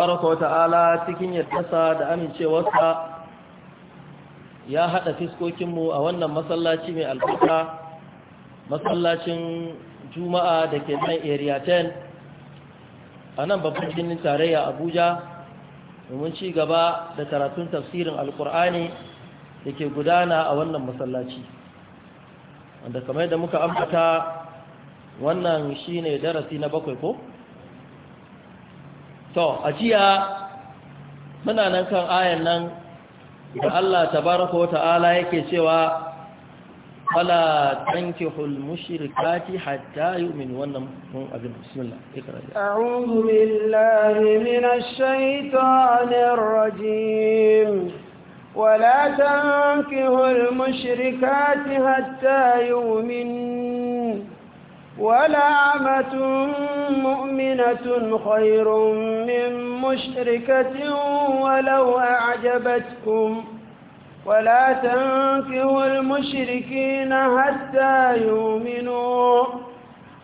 tabaraka wa ta'ala cikin yaddarsa da amincewarsa ya haɗa fiskokinmu a wannan masallaci mai albarka masallacin juma'a da ke nan area 10 a nan babban birnin tarayya abuja domin ci gaba da karatun tafsirin alkur'ani da ke gudana a wannan masallaci wanda kamar da muka ambata wannan shine darasi na bakwai ko? to a jiya muna nan kan ayan nan da Allah tabaraka wa ta'ala yake cewa Wala tankihul mushrikati hatta yu'min wannan mun abin bismillah ikra a'udhu billahi minash shaitanir rajim ولا تنكحوا المشركات حتى يؤمنوا ولعمة مؤمنة خير من مشركة ولو أعجبتكم ولا تنكروا المشركين حتى يؤمنوا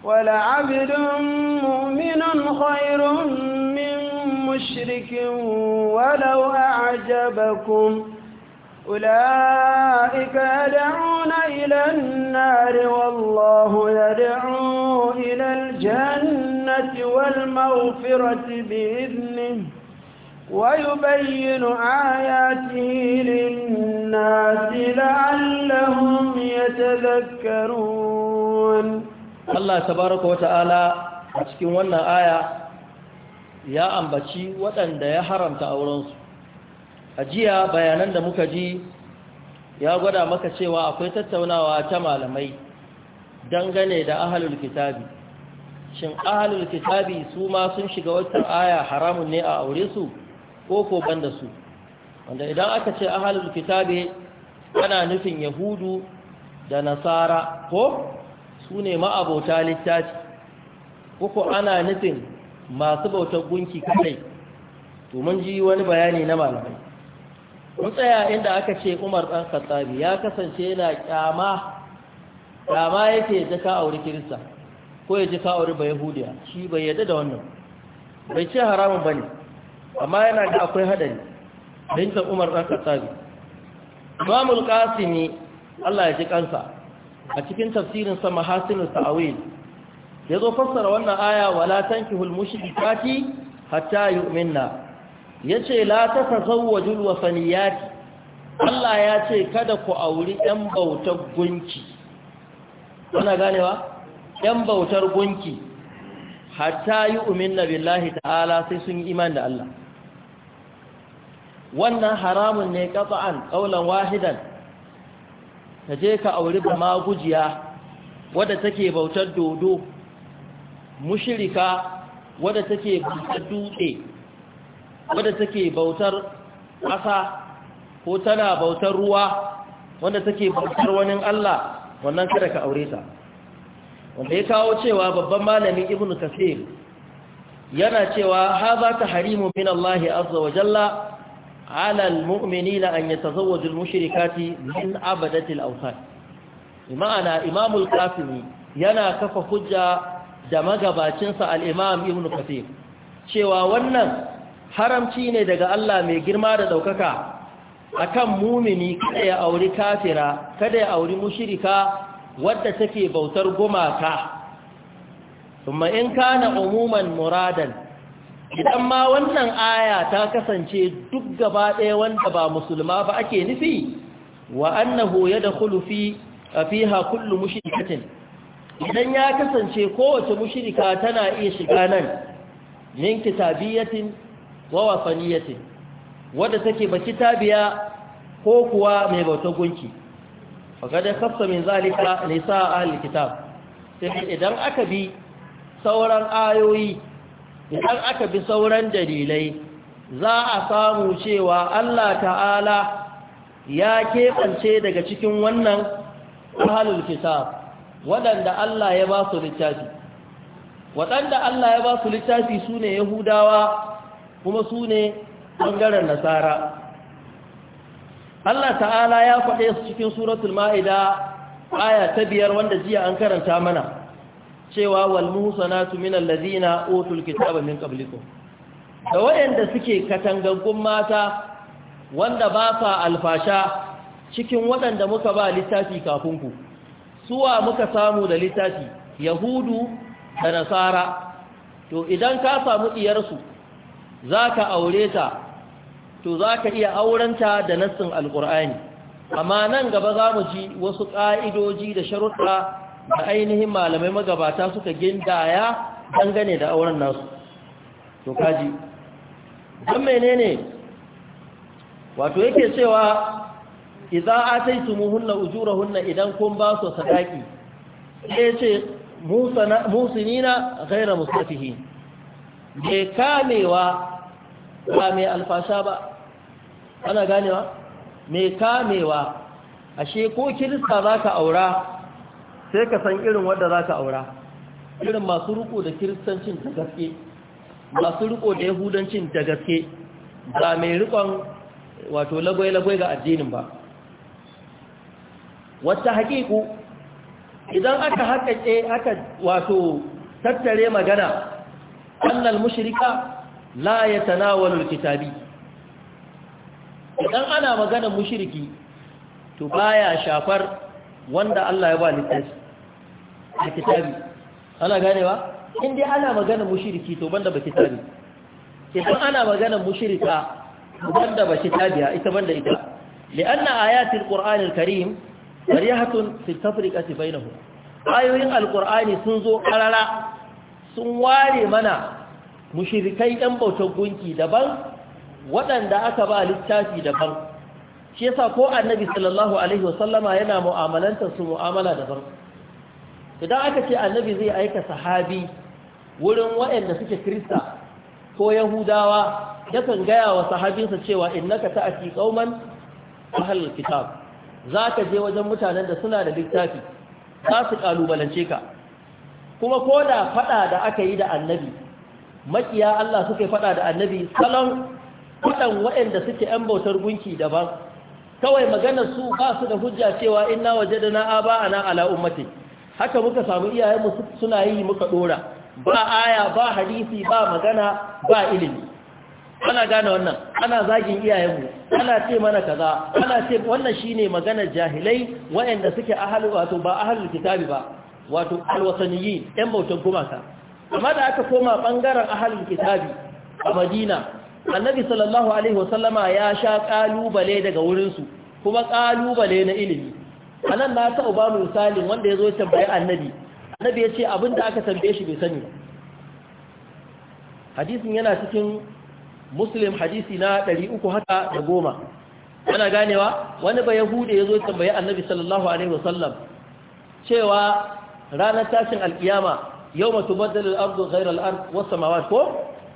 ولعبد مؤمن خير من مشرك ولو أعجبكم أولئك يدعون إلى النار والله يدعو إلى الجنة والمغفرة بإذنه ويبين آياته للناس لعلهم يتذكرون الله تبارك وتعالى cikin wannan aya ya ambaci waɗanda ya haramta aurensu a jiya bayanan da muka ji ya gwada maka cewa akwai tattaunawa ta malamai dangane da ahalul kitabi shin ahalul kitabi su ma sun shiga wata aya haramun ne a aure su ko ko banda su wanda idan aka ce ahalul kitabi ana nufin yahudu da nasara ko su ne ma'abota littafi ko ana nufin masu bautar gunki kadai to mun ji wani bayani na malamai Mutsaya tsaya inda aka ce umar ɗan khattabi ya kasance yana kyama kyama yake ya ka auri kirista ko ya ji ka auri ba yahudiya shi bai yadda da wannan bai ce haramun ba ne amma yana da akwai haɗari dinta umar ɗan khattabi imamul ne. Allah ya ji kansa a cikin tafsirin sa mahasinul ta'awil yazo fassara wannan aya wala tankihul mushrikati hatta yu'minna yace la tasawwajul faniyati Allah ya ce kada ku auri ‘yan bautar gunki, wana ganewa? ‘yan bautar gunki, hatta yi na billahi ta'ala sai sun yi iman da Allah. Wannan haramun ne ƙafa'an ƙaunar wahidan, ta je ka auri ba magujiya wadda take bautar dodo, mushirika wadda take bautar dutse. wadda take bautar ƙasa ko tana bautar ruwa wadda take bautar wani Allah wannan kada ka aure ta wanda ya kawo cewa babban malamin ibnu kasir yana cewa haza harimu min Allah azza wa jalla ala almu'minina an yatazawwaju almushrikati min abadati alawthan imana Imamul qasimi yana kafa hujja da magabacinsa al-imam ibnu kasir cewa wannan haramci ne daga Allah mai girma da ɗaukaka akan mumini kada ya auri kafira kada ya auri mushirika wadda take bautar gumaka kuma in kana umuman muradan idan ma wannan aya ta kasance duk gaba ɗaya wanda ba musulma ba ake nufi wa annahu yadkhulu fi fiha kullu mushrikatin idan ya kasance kowace mushirika tana iya shiga nan min kitabiyatin wa wasaniyatin wadda take baki tabiya ko kuwa mai bautar gunki fakadai kafsa min zalika nisa a kitab sai idan aka bi sauran ayoyi idan aka bi sauran dalilai za a samu cewa Allah ta'ala ya keɓance daga cikin wannan ahalul kitab waɗanda Allah ya ba su littafi waɗanda Allah ya ba su littafi su ne yahudawa kuma su ne ɓangaren nasara Allah ta'ala ya faɗe su cikin suratul ma'ida aya ta biyar wanda jiya an karanta mana cewa wal muhsanatu minal ladina utul kitaba min da waɗanda suke katangangun mata wanda ba sa alfasha cikin waɗanda muka ba littafi kafin ku suwa muka samu da littafi yahudu da nasara to idan ka samu iyarsu. za ka aure ta to za ka iya aurenta da nassin alƙur'ani amma nan gaba za mu ji wasu ƙa'idoji da sharuɗa da ainihin malamai magabata suka gindaya dangane da auren nasu to kaji don menene wato yake cewa idza ataytumuhunna ujurahunna idan kun ba su sadaki sai ce musanina ghayra mustafihin be kamewa ba mai alfasa ba ana ganewa mai kamewa ashe ko kirista za ka aura sai ka san irin wadda za ka aura irin masu riko da kiristancin da gaske masu riko da yahudancin da gaske ba mai rikon wato lagwai-lagwai ga addinin ba wata hakiku idan aka haƙaƙe aka wato tattare magana annal mushirika. la ya tanawalul kitabi idan ana magana mushiriki, to baya shafar wanda Allah ya ba littafi a kitabi ana ganewa in dai ana magana mushiriki to banda ba kitabi idan ana maganar mushrika banda ba kitabi kitabiya ita banda ita lianna ayatul qur'anil karim barihatun fi tafriqati bainahum ayoyin alqur'ani sun zo karara sun ware mana mushirikai ɗan bautar gunki daban waɗanda aka ba littafi daban shi yasa ko annabi sallallahu alaihi wasallama yana mu'amalantar su mu'amala daban idan aka ce annabi zai aika sahabi wurin waɗanda suke krista ko yahudawa yakan gaya wa sahabinsa cewa innaka ta'ati qauman ahlul kitab zaka je wajen mutanen da suna da littafi za su kalubalance ka kuma ko da fada da aka yi da annabi makiya Allah suka faɗa da annabi salon kudan waɗanda suke ‘yan bautar gunki daban kawai maganar su ba su da hujja cewa ina waje da na'a ba a na'ala ummati haka muka samu iyayenmu suna yi muka ɗora ba aya ba hadisi ba magana ba ilimi ana gane wannan ana zagin iyayenmu ana ce mana kaza ana ce wannan shine maganar jahilai waɗanda suke ahalu wato ba ahalul kitabi ba wato alwasaniyi ‘yan bautar gumaka amma da aka koma bangaren ahalin kitabi a madina annabi sallallahu alaihi wasallama ya sha kalubale daga wurin su. kuma kalubale na ilimi a nan na taɓa ba misalin wanda ya zo tambaye annabi annabi ya ce abin da aka tambaye shi bai sani hadisin yana cikin muslim hadisi na 300 haka da goma ana ganewa wani ba yahude ya zo tambaye annabi sallallahu alaihi wasallam cewa ranar tashin alkiyama yau matu badal al'ardu ghairu al'ard wasu samawat ko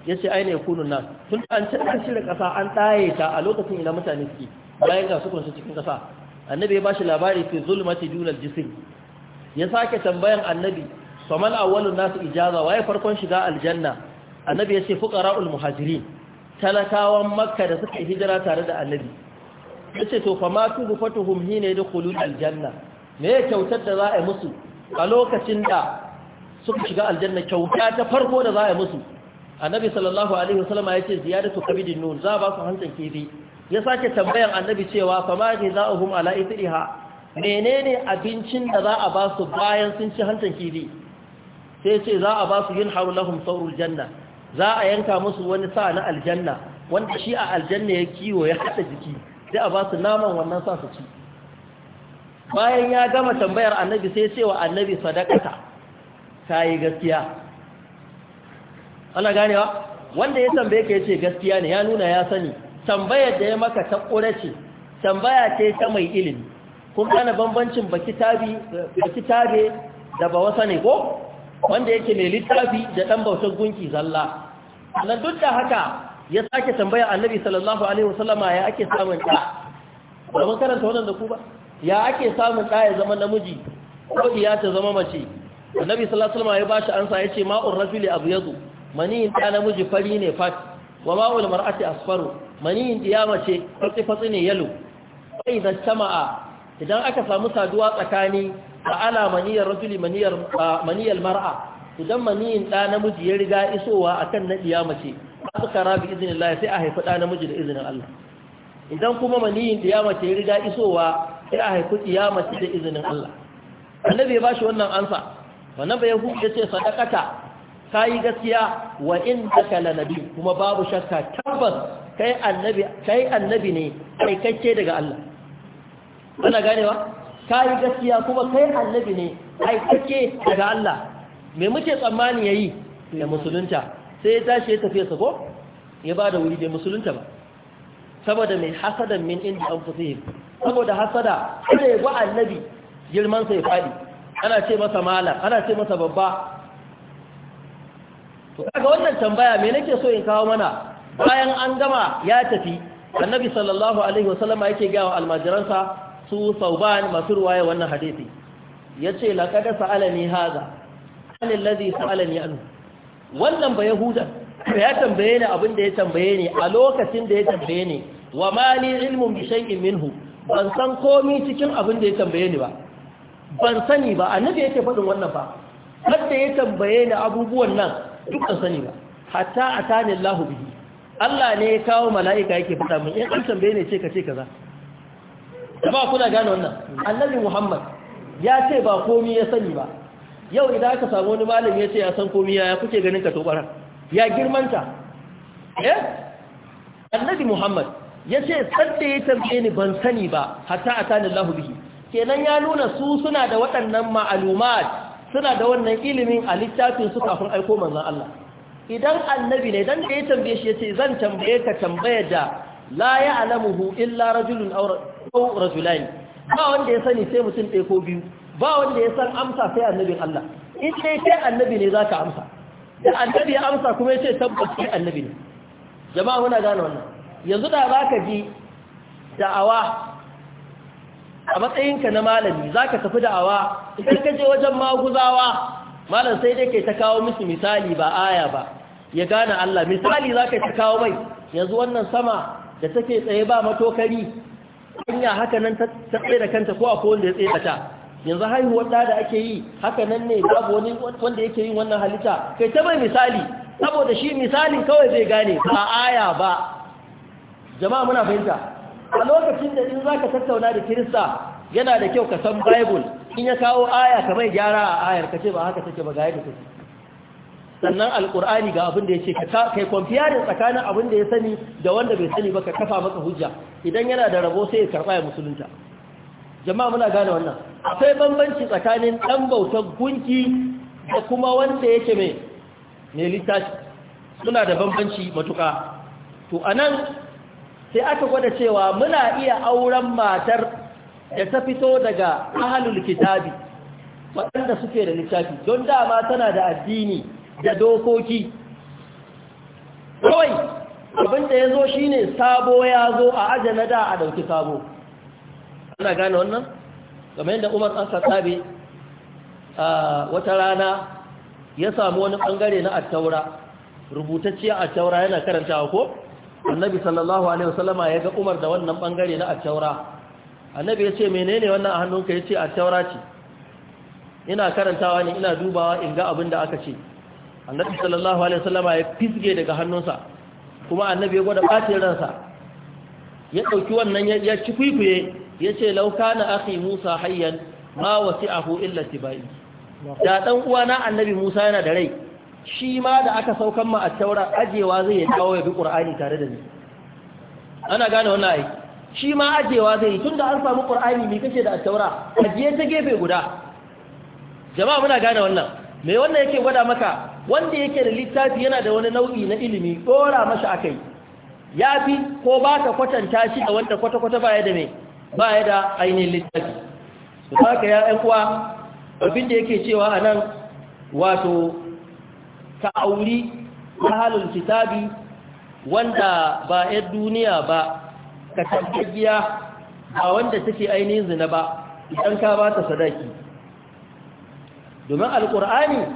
ya ce aina kunun nas tun an ci an shirya kasa an tsaye ta a lokacin ina mutane suke bayan ga su cikin kasa annabi ya bashi labari fi zulmati dunal jism ya sake tambayan annabi famal awwalun nasu ijaza waye farkon shiga aljanna annabi ya ce fukara muhajirin talakawan makka da suka hijira tare da annabi yace to fama ne da yadkhulun aljanna me kyautar da za a musu a lokacin da suka shiga aljanna kyauta ta farko da za a musu annabi sallallahu alaihi wasallam ya ziyadatu qabidin nun za ba su hantsan kifi ya sake tambayan annabi cewa fa ma jazaohum ala ithriha menene abincin da za a ba su bayan sun ci hantsan kifi sai ce za a ba su yin lahum sawrul janna za a yanka musu wani sa na aljanna wanda shi a aljanna ya kiwo ya hada jiki sai a ba su naman wannan sa su ci bayan ya gama tambayar annabi sai ya ce wa annabi sadaqata ka yi gaskiya ana ganewa wanda ya tambaye ka yace gaskiya ne ya nuna ya sani tambayar da ya maka ta ƙorace tambaya ce ta mai ilimi kun gane bambancin baki tabe da ba wasa ne ko wanda yake mai littafi da ɗan bautar gunki zalla na duk da haka ya sake tambaya annabi sallallahu alaihi wasallama ya ake samun ɗa ba mun karanta wannan da ku ba ya ake samun ɗa ya zama namiji ko iya ta zama mace annabi sallallahu alaihi wasallam ya bashi ansa yace ma'ur rajuli abyadu maniyin da namiji fari ne fat wa ma'ul mar'ati asfaru maniyin da mace fatsi fatsi ne yalo sai da jama'a idan aka samu saduwa tsakani fa ala maniyar rajuli maniyar maniyal mar'a idan maniyin da namiji ya riga isowa akan na diya mace azkara bi idnillah sai a haifi da namiji da izinin Allah idan kuma maniyin da mace ya riga isowa sai a haifi diya mace da izinin Allah annabi ya bashi wannan ansa wannan bai ya ce sadakata kai gaskiya wa ka lanabi kuma babu shakka tabbas kai annabi kai annabi ne kai daga Allah kana ganewa kai gaskiya kuma kai annabi ne kai daga Allah me muke tsammani yayi da musulunta sai ya tashi ya tafi sako ko ya bada wuri da musulunta ba saboda mai hasadan min inda anfusihim saboda hasada kada ya ga annabi girman sa ya fadi ana ce masa malam ana ce masa babba to kaga wannan tambaya me nake so in kawo mana bayan an gama ya tafi annabi sallallahu alaihi wasallam yake ga wa almajiransa su sauban masu ruwaya wannan hadisi yace laqad sa'alani hadha an alladhi sa'alani anhu wannan ba yahuda ya tambaye ni abin da ya tambaye ni a lokacin da ya tambaye ni wa mali ilmun bi shay'in minhu ban san komai cikin abin da ya tambaye ni ba ban sani ba annabi yake faɗin wannan ba hadda ya tambaye ni abubuwan nan duk ban sani ba hatta atani Allahu bihi Allah ne ya kawo mala'ika yake faɗa min in an tambaye ne ce ka ce kaza ba kuna gane wannan annabi Muhammad ya ce ba komai ya sani ba yau idan aka samu wani malami ya ce ya san komai ya kuke ganin ka tobara ya girmanta eh annabi Muhammad ya ce da ya tambaye ni ban sani ba hatta atani Allahu bihi kenan ya nuna su suna da waɗannan ma'alumat suna da wannan ilimin a littafin su kafin aiko manzon Allah idan annabi ne dan da ya tambaye shi yace zan tambaye ka tambayar da la ya'lamuhu illa rajulun aw rajulain ba wanda ya sani sai mutum ɗaya ko biyu ba wanda ya san amsa sai annabin Allah in dai kai annabi ne zaka amsa da annabi ya amsa kuma yace tabbas kai annabi ne jama'a muna gane wannan yanzu da zaka ji da'awa a matsayinka na malami za ka tafi da'awa idan ka je wajen maguzawa malam sai dai kai ta kawo musu misali ba aya ba ya gane Allah misali za ka ta kawo mai yanzu wannan sama da take tsaye ba matokari hanya haka nan ta tsaye da kanta ko a wanda ya tsaye ta yanzu haihuwar da da ake yi haka nan ne babu wani wanda yake yin wannan halitta kai ta mai misali saboda shi misalin kawai zai gane ba aya ba jama'a muna fahimta a lokacin da in za ka tattauna da kirista yana da kyau ka san bible in ya kawo aya ka mai gyara a ayar ka ce ba haka take ba ga yadda take sannan alkur'ani ga abin da ya ce kai da tsakanin abin da ya sani da wanda bai sani ba ka kafa maka hujja idan yana da rabo sai ya karɓa ya musulunta jama'a muna gane wannan akwai bambanci tsakanin ɗan bautar gunki da kuma wanda yake mai mai littafi suna da bambanci matuƙa to a sai aka gwada cewa muna iya auren matar da ta fito daga ahalul kitabi waɗanda suke da littafi don dama tana da addini da dokoki kawai abinda ya zo shi ne sabo ya zo a aje na da a ɗauki sabo ana gane wannan game da umar an sassabe a wata rana ya sami wani ɓangare na attaura rubutacciya attaura yana karantawa ko? annabi sallallahu alaihi wasallama ya ga umar da wannan bangare na attaura annabi ya ce menene wannan a hannunka ya ce ce ina karantawa ne ina dubawa in ga abin da aka ce annabi sallallahu alaihi wasallama ya fisge daga hannunsa kuma annabi ya gwada ɓacin ransa ya ɗauki wannan ya ci kwikwiye ya ce lauka na akhi musa hayyan ma wasi'ahu illa tibai da dan uwana annabi musa yana da rai shi ma da aka saukan ma a taura ajewa zai ya dawo ya bi ƙur'ani tare da ni ana gane wannan aiki shi ma ajewa zai yi tun da an samu ƙur'ani mai kashe da a taura ajiye ta gefe guda jama'a muna gane wannan mai wannan yake gwada maka wanda yake da littafi yana da wani nau'i na ilimi ɗora masa kai. ya fi ko ba ka kwatanta shi da wanda kwata-kwata baya da mai ya da ainihin littafi su ta ka ya'yan kuwa abin da yake cewa a nan wato ka auri halin kitabi wanda ba ‘yar duniya ba ka tafiya a wanda take ainihin zina ba idan ka ba ta sadaki domin alƙur'ani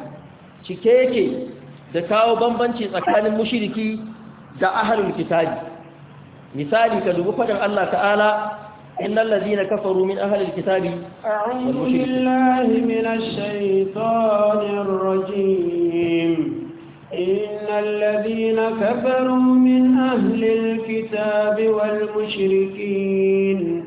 cike yake da kawo bambanci tsakanin mushiriki da ahalul kitabi misali ka dubi faɗin Allah ta'ala إن الذين كفروا من أهل الكتاب أعوذ بالله من الشيطان الرجيم إن الذين كفروا من أهل الكتاب والمشركين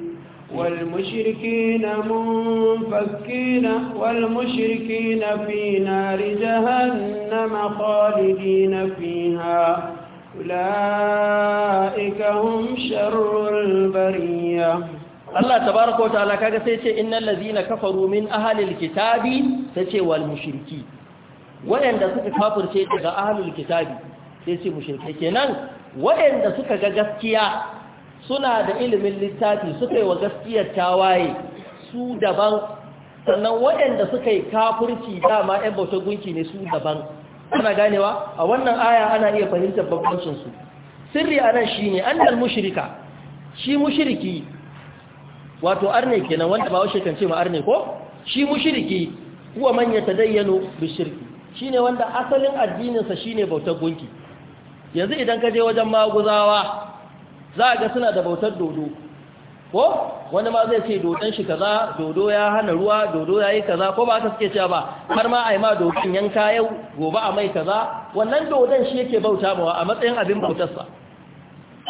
والمشركين منفكين والمشركين في نار جهنم خالدين فيها أولئك هم شر البريه Allah tabaraka wa ta'ala kaga sai ce innal ladzina kafaru min ahlil kitabi sace wal mushriki wayanda suka kafirce daga ahlul kitabi sai ce mushrike kenan wayanda suka ga gaskiya suna da ilimin littafi suka yi wa gaskiyar tawaye su daban sannan wayanda suka yi kafirci dama ɗan bautan gunki ne su daban ana ganewa a wannan aya ana iya fahimtar babbancin sirri anan shine annal mushrika shi mushriki wato arne kenan wanda ba washe kan ce ma arne ko shi mushriki huwa man yatadayyanu bishirki shine wanda asalin addinin sa shine bautar gunki yanzu idan ka je wajen maguzawa za ga suna da bautar dodo ko wani ma zai ce dodon shi kaza dodo ya hana ruwa dodo yayi kaza ko ba ta suke cewa ba har ma a yi ma dodon yanka yau gobe a mai kaza wannan dodon shi yake bauta ba a matsayin abin bautarsa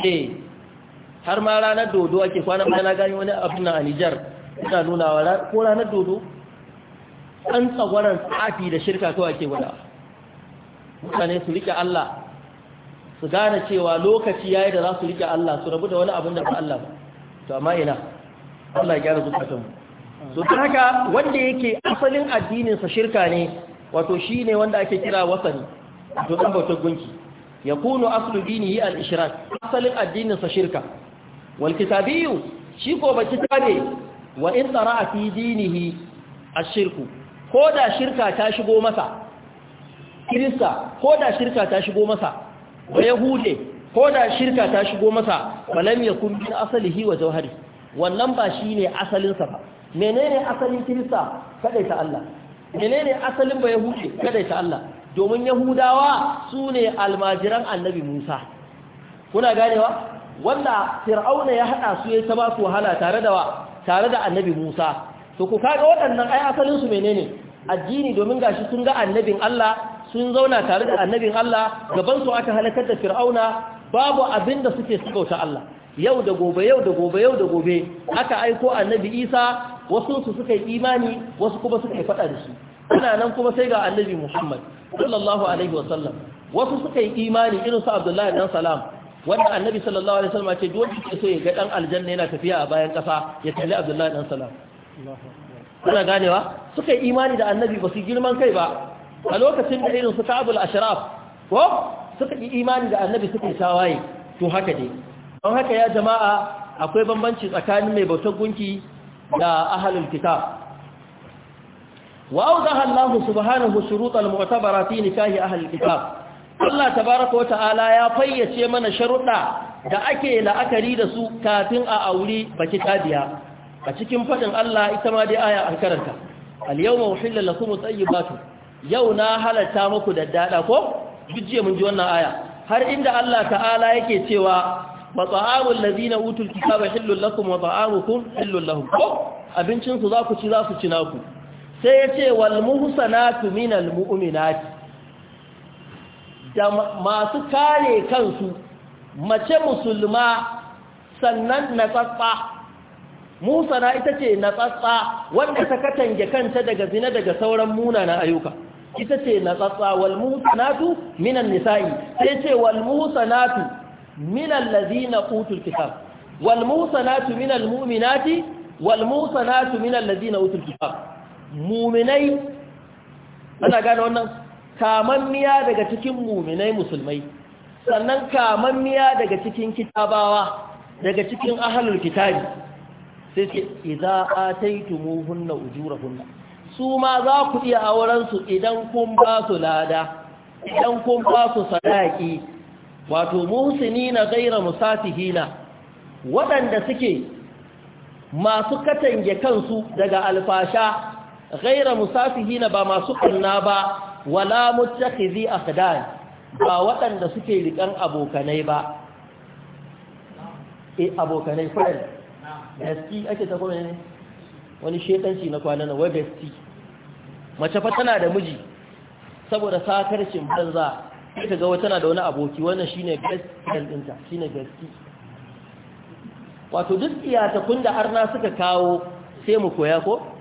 eh har ma ranar dodo ake kwana bayan gani wani abu na Nijar ina nuna wa ko ranar dodo an tsagwaran tsafi da shirka kawai ake wada mutane su rike Allah su gane cewa lokaci yayi da za su rike Allah su rabu da wani abu da ba Allah ba to amma ina Allah ya gyara zukatanmu so ta haka wanda yake asalin addininsa shirka ne wato shi ne wanda ake kira wasani to ɗan bautar gunki ya kunu aslu dini yi al-ishrak asalin addininsa shirka wal kitabiyu shi ko ba kitabe wa in tsara fi dinihi shirku. ko da shirka ta shigo masa kirista ko da shirka ta shigo masa wa yahude ko da shirka ta shigo masa falam yakun min asalihi wa jawhari wannan ba shi ne asalinsa ba menene asalin kirista kadai ta Allah menene asalin ba yahude kadai ta Allah domin yahudawa su ne almajiran annabi Musa kuna ganewa wanda fir'auna ya hada su yayi ta ba su wahala tare da tare da annabi Musa to ku kaga waɗannan ai asalin su menene addini domin gashi sun ga annabin Allah sun zauna tare da annabin Allah gaban su aka halakar da fir'auna babu abinda da suke sukauta Allah yau da gobe yau da gobe yau da gobe aka aiko annabi Isa wasu su suka yi imani wasu kuma suka yi fada da shi kuna nan kuma sai ga annabi Muhammad sallallahu alaihi wasallam wasu suka yi imani irin su Abdullahi dan Salam wanda annabi sallallahu alaihi wasallam ce dole ke so ya ga dan aljanna yana tafiya a bayan ƙasa ya kalli abdullahi dan salam kuna ganewa suka yi imani da annabi ba su girman kai ba a lokacin da irin su ta'abul ashraf ko suka yi imani da annabi suka tawaye to haka ne don haka ya jama'a akwai bambanci tsakanin mai bautar gunki da ahlul kitab wa awdaha Allah subhanahu shurutal mu'tabarati nikahi ahlul kitab Allah tabaraka wata'ala ya fayyace mana sharuɗa da ake la'akari da su kafin a aure baki tabiya a cikin faɗin Allah ita ma dai aya an karanta al-yawma uhilla lakum tayyibatu yau na halatta muku daddada ko bijje mun ji wannan aya har inda Allah ta'ala yake cewa wa ta'amul ladina utul kitaba hillul lakum wa ta'amukum hillul lahum ko abincin su za ku ci za su ci naku sai yace wal muhsanatu minal mu'minati da masu kare kansu mace musulma sannan na natsatsa musana ita ce na tsatsa wanda ta katange kanta daga zina daga sauran munana ayyuka ita ce na tsatsa wal musanatu minan nisa'i sai ce wal musanatu minal ladina utul kitab wal musanatu minal mu'minati wal musanatu minal ladina utul kitab mu'minai ana gane wannan kamanniya daga cikin muminai musulmai sannan kamanniya daga cikin kitabawa daga cikin ahalul kitabi sai ce idza ataytumuhunna ujurahunna su ma za ku iya auren su idan kun ba su lada idan kun ba su sadaki wato muhsinina ghayra musafihina waɗanda suke masu katange kansu daga alfasha ghayra musafihina ba masu kunna ba wala mutakhizi aqdan ba waɗanda suke rikan abokanai ba eh abokanai friend ST ake ta kuma ne wani shekanci na kwana na wai besti mace fa tana da miji saboda sakarcin banza sai ka ga wata na da wani aboki wannan shine best friend ɗinta shine best wato duk iyatakun da arna suka kawo sai mu koya ko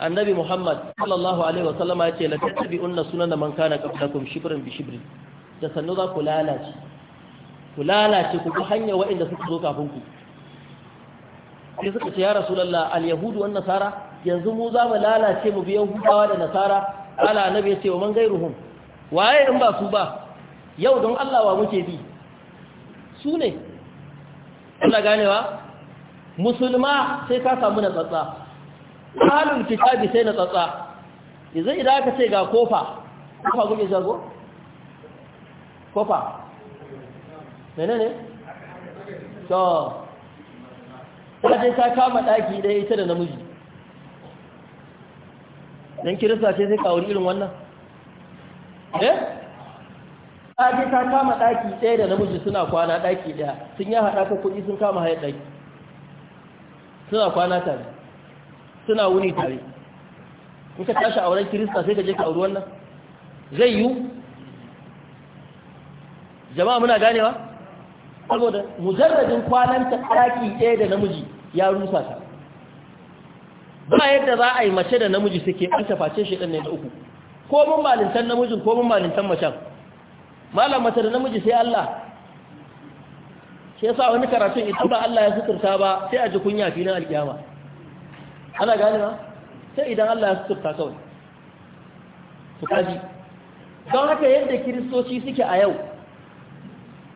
annabi muhammad sallallahu alaihi wasallama ya ce na tattabi'unna sunana man kana qablakum shibran bi shibri da sannu za ku lalace ku lalace ku hanya waɗanda suka zo kafin ku sai suka ce ya rasulullah al yahudu wan nasara yanzu mu za mu lalace mu bi yahudawa da nasara ala annabi ya ce wa man gairuhum waye in ba su ba yau don Allah wa muke bi su ne Allah ganewa musulma sai ka samu na tsatsa halin kitabi sai na tsatsa yanzu idan aka ce ga kofa kofa kuke zago kofa menene ne? to ta kama ɗaki ɗaya ita da namiji don kirista ce sai kawo irin wannan? eh? aji ta kama ɗaki ɗaya da namiji suna kwana ɗaki ɗaya sun yi haɗa ka kuɗi sun kama hayar ɗaki suna kwana tare suna wuni tare in ka tashi a wurin kirista sai ka je ka auri wannan zai yiwu jama'a muna ganewa saboda mujarradin kwananta ɗaki ɗaya da namiji ya rusa ta ba yadda za a yi mace da namiji suke an tafacin shi ɗan ne da uku ko mun malintan namijin ko mun malintan macen malam mace da namiji sai Allah shi yasa wani karatun idan ba Allah ya suturta ba sai a ji kunya filin al'ƙiyama. ana gane ba sai idan Allah ya suturta kawai su kaji don haka yadda kiristoci suke a yau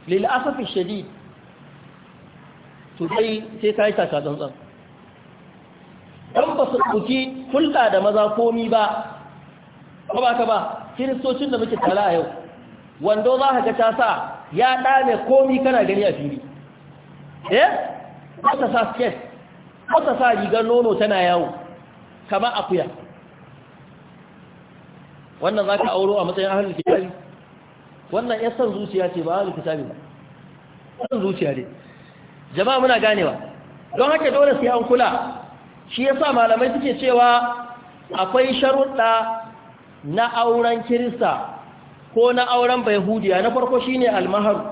lil'asafin shadid to sai sai ta yi taka tsantsan don ba su ɗauki hulɗa da maza komi ba ba ba ka ba kiristocin da muke tara a yau wando za ka ta sa ya ɗame komi kana gani a fili eh ba ta sa skate masa sa rigar nono tana yawo kama akuya wannan za ka auro a matsayin ahalin kitabi wannan ya san zuciya ce ba ahalin kitabi ba san zuciya ne jama'a muna ganewa don haka dole sai an kula shi yasa malamai suke cewa akwai sharuɗa na auren kirista ko na auren bai hudiya na farko shine almahar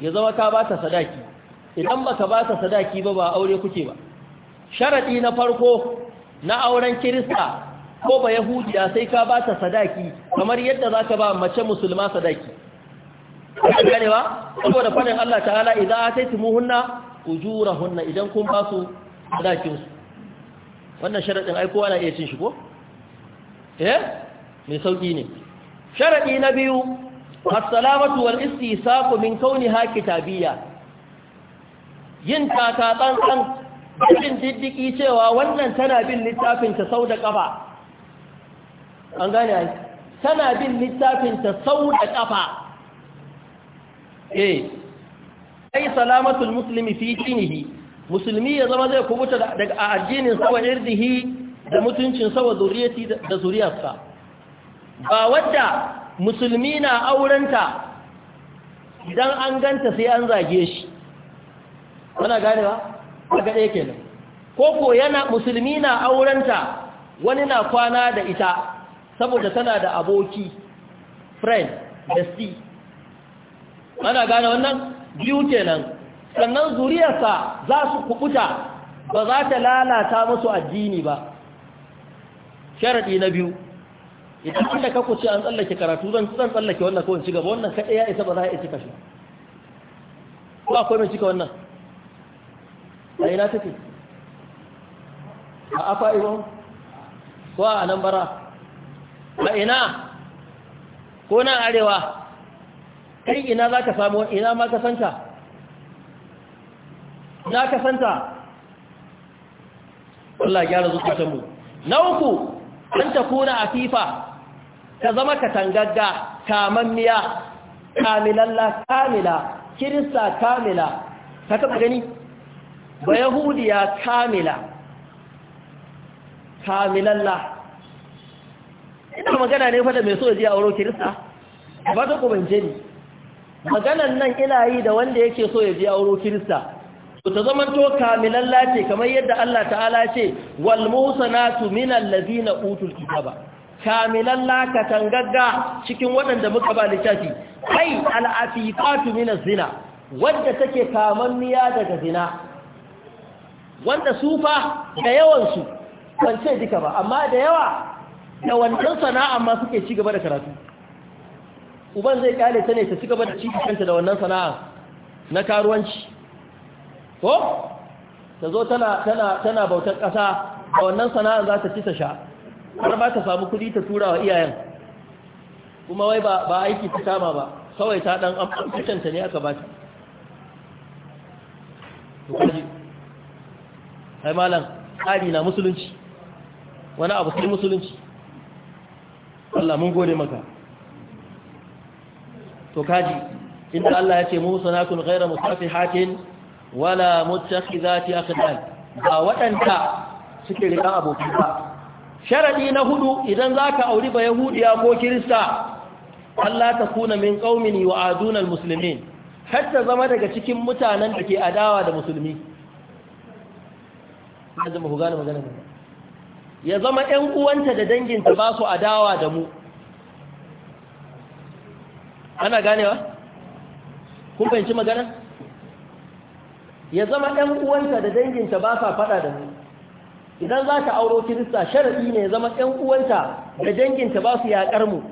ya zama ka ba ta sadaki idan baka ba ta sadaki ba ba aure kuke ba sharadi na farko na auren kirista ko ba yahudiya sai ka ba ta sadaki kamar yadda za ka ba mace musulma sadaki gane ba saboda fadin Allah ta'ala idan ku jura ujurahunna idan kun ba su sadakin wannan sharadin ai kowa na iya cin shi ko eh mai sauki ne sharadi na biyu as-salamatu wal istisaqu min kauniha kitabiyya yin taka tsantsan cikin diddiki cewa wannan tana bin littafinta sau da ƙafa an gane ai tana bin littafinta sau da ƙafa eh ai salamatul muslimi fi dinihi musulmi ya zama zai kubuta daga addinin sa wa irdihi da mutuncin sa wa zuriyati da zuriyarsa ba wadda musulmi na aurenta idan an ganta sai an zage shi ana gane ba daga ɗaya ke nan koko yana musulmi na aurenta wani na kwana da ita saboda tana da aboki friend bestie ana gane wannan biyu kenan sannan zuriyarsa za su kubuta ba za ta lalata musu addini ba sharaɗi na biyu idan da ka kuce an tsallake karatu zan tsallake wannan ko in gaba wannan kaɗe ya isa ba za a isa kashe. ba akwai mai cika wannan a ina take a afa ibon ko a nan bara a ina ko nan arewa kai ina za ka samu ina ma ka santa ina ka santa Allah gyara zukatanmu na uku an ta kuna a fifa ka zama ka tangagga kamammiya kamilalla kamila kirista kamila ka taɓa gani ba yahudiya kamila kamilalla ina magana ne fada mai so ji auro kirista ba ta kubance ni maganan nan ina yi da wanda yake so ya ji auro kirista to ta zama to kamilalla ce kamar yadda Allah ta'ala ce wal musanatu minal ladina utul kitaba kamilalla ka tangagga cikin waɗanda muka ba littafi ai al afifatu minaz zina wadda take kamanniya daga zina wanda su fa da yawansu ban ce duka ba amma da yawa da wannan sana'a ma suke ci gaba da karatu uban zai kyale ta ne ta ci gaba da ci kanta da wannan sana'a na karuwanci ko ta zo tana tana tana bautar kasa da wannan sana'a za ta ci ta sha har ba ta samu kuɗi ta tura wa iyayen kuma wai ba ba aiki ta kama ba kawai ta dan amfanta ne aka ba ta ai malam tsari na musulunci wani abu sai musulunci Allah mun gode maka to kaji inda Allah ya ce kun ghaira musafihatin wala mutakhizati aqdan ba waɗanda suke rika abokin ba sharadi na hudu idan zaka auri ba yahudiya ko kirista Allah ta kuna min qaumin yu'aduna almuslimin hatta zama daga cikin mutanen da ke adawa da musulmi na zama ku gane magana ya zama ɗan uwanta da danginta ba su adawa da mu ana ganewa? kun fahimci magana? ya zama ɗan uwanta da danginta ba sa fada da mu idan za ta auro kirista sharaɗi ne ya zama ɗan uwanta da danginta ba su yaƙar mu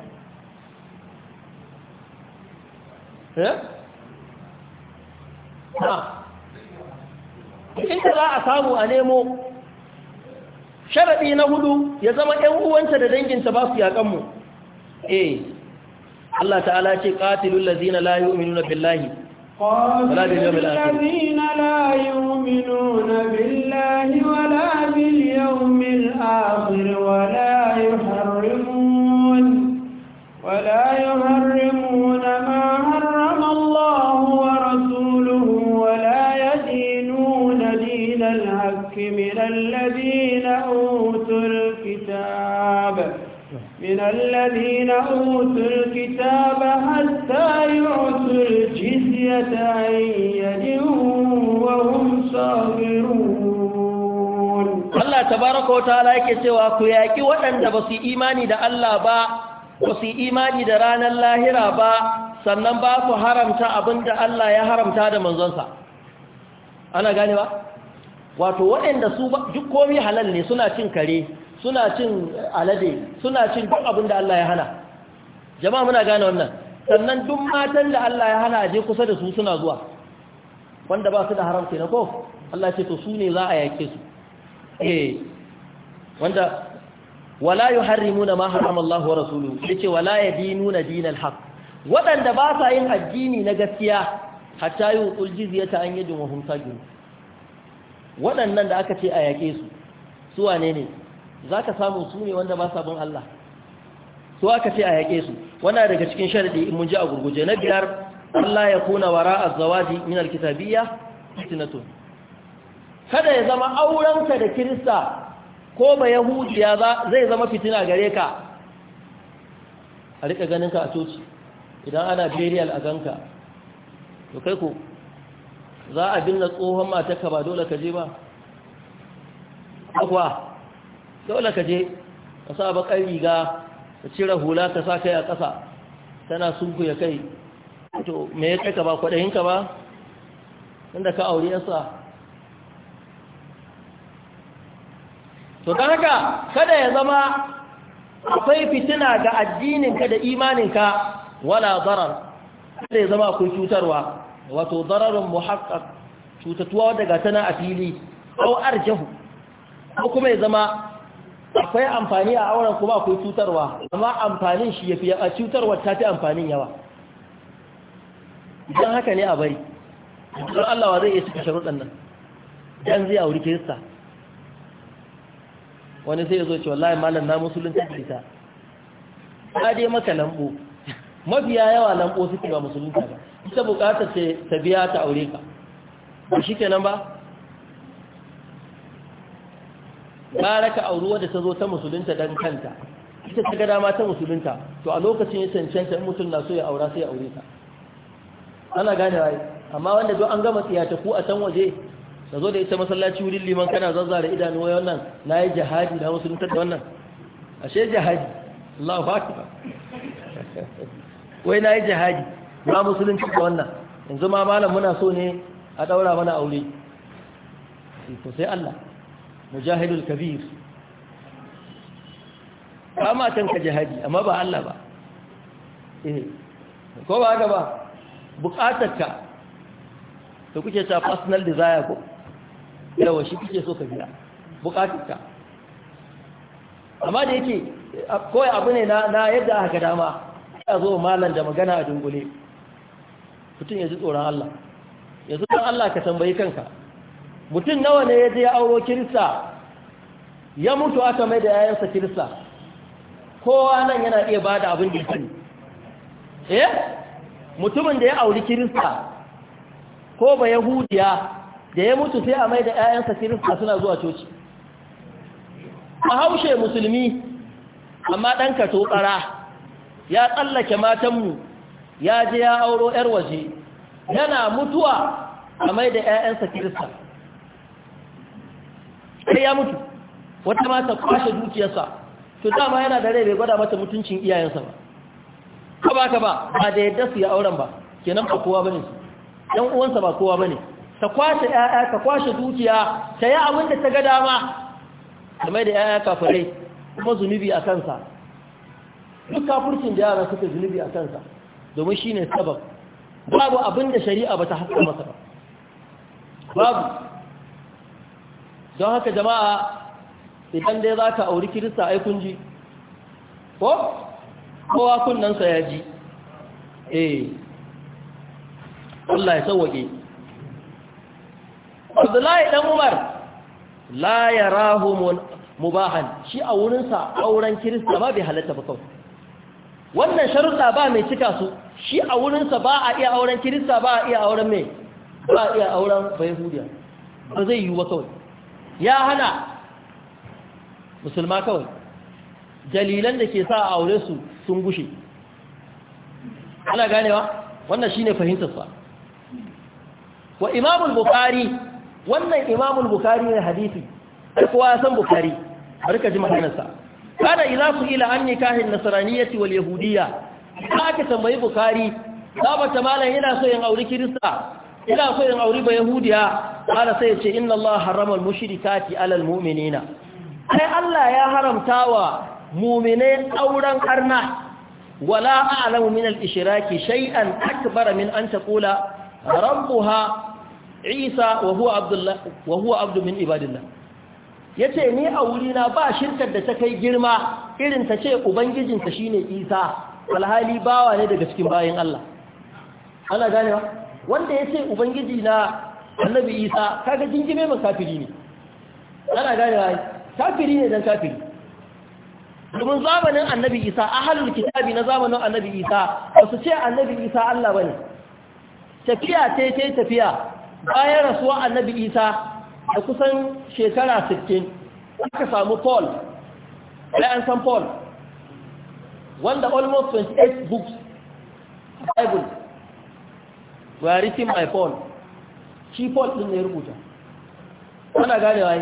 eh? ha? inda za a samu a nemo sharaɗi na hudu ya zama ɗan uwanta da danginta ba su yaƙanmu eh Allah ta'ala ce qatilul ladzina la yu'minuna billahi wala bil yawmil akhir la billahi wala من الذين أوتوا الكتاب حتى يعطوا الجزية أيد وهم صابرون الله تبارك وتعالى يكسوا أخياك وأن بصي إيماني دا الله با wasu imani da ranar lahira ba sannan ba ku haramta abinda Allah ya haramta da manzonsa ana gane ba? wato waɗanda su ba duk komi halal ne suna cin kare suna cin alade suna cin duk abin da Allah ya hana jama'a muna gane wannan sannan duk matan da Allah ya hana je kusa da su suna zuwa wanda ba su da haram kenan ko Allah ce to su ne za a yake su eh wanda wala yuharrimuna ma harama Allah wa rasuluhu yace wala yadinuna dinal haqq wadanda ba sa yin addini na gaskiya hatta yu uljiziyata an yajum hum sajun wadannan da aka ce a yake su su wane ne za ka samu su ne wanda ba sabon Allah su aka ce a yaƙe su wanda daga cikin sharaɗi in mun ji a gurguje na biyar Allah ya kuna wara a zawaji min alkitabiyya kada ya zama aurenka da kirista ko ba yahudiya zai zama fitina gare ka a riƙa ganinka a coci idan ana burial a ganka to kai ko za a binne tsohon matarka ba dole ka je ba akwa dole ka je ka sa bakar riga ka cire hula ka sa kai a ƙasa tana ya kai to me ya kai ka ba kwaɗayinka ba inda ka aure yasa to don haka kada ya zama akwai fitina ga addininka da imaninka wala zarar kada ya zama akwai cutarwa wato zararin muhakkak cutatuwa daga tana a fili ko arjahu ko kuma ya zama akwai amfani a auren kuma akwai cutarwa amma amfanin shi ya fi a cutarwa ta fi amfanin yawa idan haka ne a bari don Allah wa zai iya cika sharuɗan ɗannan don zai auri kirista wani sai ya zo cewa wallahi malar na musulunta kirista ta dai maka lambo mafiya yawa lambo suke ba musulunta ba ita bukatar ta biya ta aure ka ba shi kenan ba gara ka auri wadda ta zo ta musulunta dan kanta ita ta gada ma ta musulunta to a lokacin ya cancanta mutum na so ya aura sai ya aure ta ana gane rai amma wanda don an gama tsiyata ku a can waje da zo da ita masallaci wurin liman kana da idanu wai wannan na yi jihadi na musulunta da wannan ashe jihadi Allahu akbar wai na yi jihadi na musulunta da wannan yanzu ma malam muna so ne a daura mana aure sai Allah mujahidul kabir ba matan ka jihadi amma ba Allah ba eh, ko ba haka ba bukatarka to kuke ta personal ko yawa kuke so ka biya bukatarka amma da yake kawai abu na yadda aka dama ya zo malam da magana a dungule mutum ya ji tsoron Allah yanzu don Allah ka tambayi kanka mutum nawa ne ya je ya auro kirista ya mutu aka mai da yayansa kirista kowa nan yana iya ba da abin jikin eh mutumin da ya auri kirista ko ba yahudiya da ya mutu sai a mai da yayansa kirista suna zuwa coci a haushe musulmi amma ɗan ka tsokara ya tsallake matanmu ya je ya auro 'yar waje yana mutuwa a mai da 'ya'yansa kirista sai ya mutu wata mata ta kwashe dukiyarsa to dama yana da rai bai gwada mata mutuncin iyayensa ba ka ba ka ba ba da yadda su ya auren ba kenan ba kowa bane su uwansa ba kowa bane ta kwashe ƴaƴa ta kwashe dukiya ta yi abin da ta ga dama ta mai da ƴaƴa kafirai kuma zunubi a kansa duk kafircin da yara suka zunubi a kansa domin shine sabab babu abin da shari'a ta haska masa ba babu don haka jama'a idan dai za ka auri kirista ai kun ji ko kowa kunnansa ya ji eh Allah ya sauwaƙe Abdullahi dan Umar la ya rahu mubahan shi a wurinsa auren kirista ba bai halatta ba kawai wannan sharuɗa ba mai cika su shi a wurinsa ba a iya auren kirista ba a iya auren mai ba a iya auren bayahudiya ba zai yi wa kawai ya hana musulma kawai dalilan da ke sa a aure su sun gushe ana ganewa wannan shine fahimtarsa wa imamul bukhari wannan imamul bukhari ne hadisi kowa san bukhari barka ji maganarsa kada ila su ila an nikahin nasraniyyati wal yahudiyya aka tambayi bukhari sabata malam yana so yin aure kirista ina akwai in aure ba yahudiya kala sai ya ce inna Allah harrama al-mushrikati ala al-mu'minina ai Allah ya haramta wa mu'mine auren karna wala a'lamu min al-ishraki shay'an akbar min an taqula rabbuha Isa wa huwa Abdullah wa huwa abdu min ibadillah yace ni a wuri na ba shirkar da ta kai girma irin ta ce ubangijinta shine Isa alhali bawa ne daga cikin bayin Allah wanda ya ce ubangiji na annabi isa kaga jingime ma kafiri ne ana gane wa kafiri ne dan kafiri domin zamanin annabi isa ahalul kitabi na zamanin annabi isa ba su ce annabi isa allah ba ne tafiya ce ce tafiya bayan rasuwa annabi isa da kusan shekara 60 aka samu paul an san paul wanda almost 28 books bible we are written by paul shi paul ɗin ne rubuta ana gane wai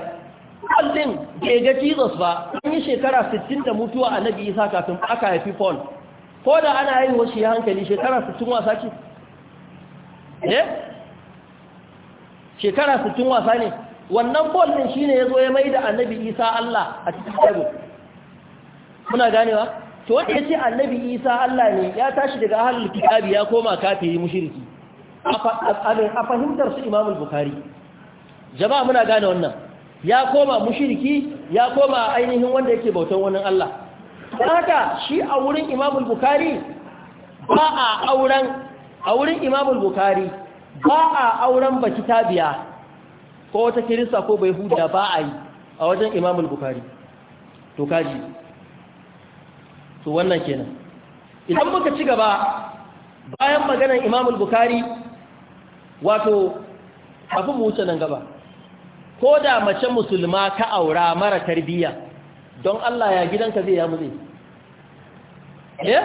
paul din bai ga jesus ba an yi shekara 60 da mutuwa annabi isa kafin aka haifi paul ko da ana yin wasu hankali shekara 60 wasa ce eh shekara 60 wasa ne wannan paul din shine yazo ya maida annabi isa Allah a cikin bible muna ganewa to wanda yace annabi isa Allah ne ya tashi daga ahlul kitabi ya koma kafiri mushriki a fahimtar su imam al-bukhari jama'a muna gane wannan ya koma mushriki ya koma ainihin wanda yake bautan wani Allah haka shi a wurin imam al-bukhari ba a auren a wurin imam al-bukhari ba a auren baki tabiya ko wata kirista ko bai huda ba a yi a wajen imam al-bukhari to kaji to wannan kenan idan muka ci gaba bayan maganar imam al-bukhari wato abin mu wuce nan gaba ko da mace musulma ka aura mara tarbiyya don Allah ya gidanka zai ya muzi eh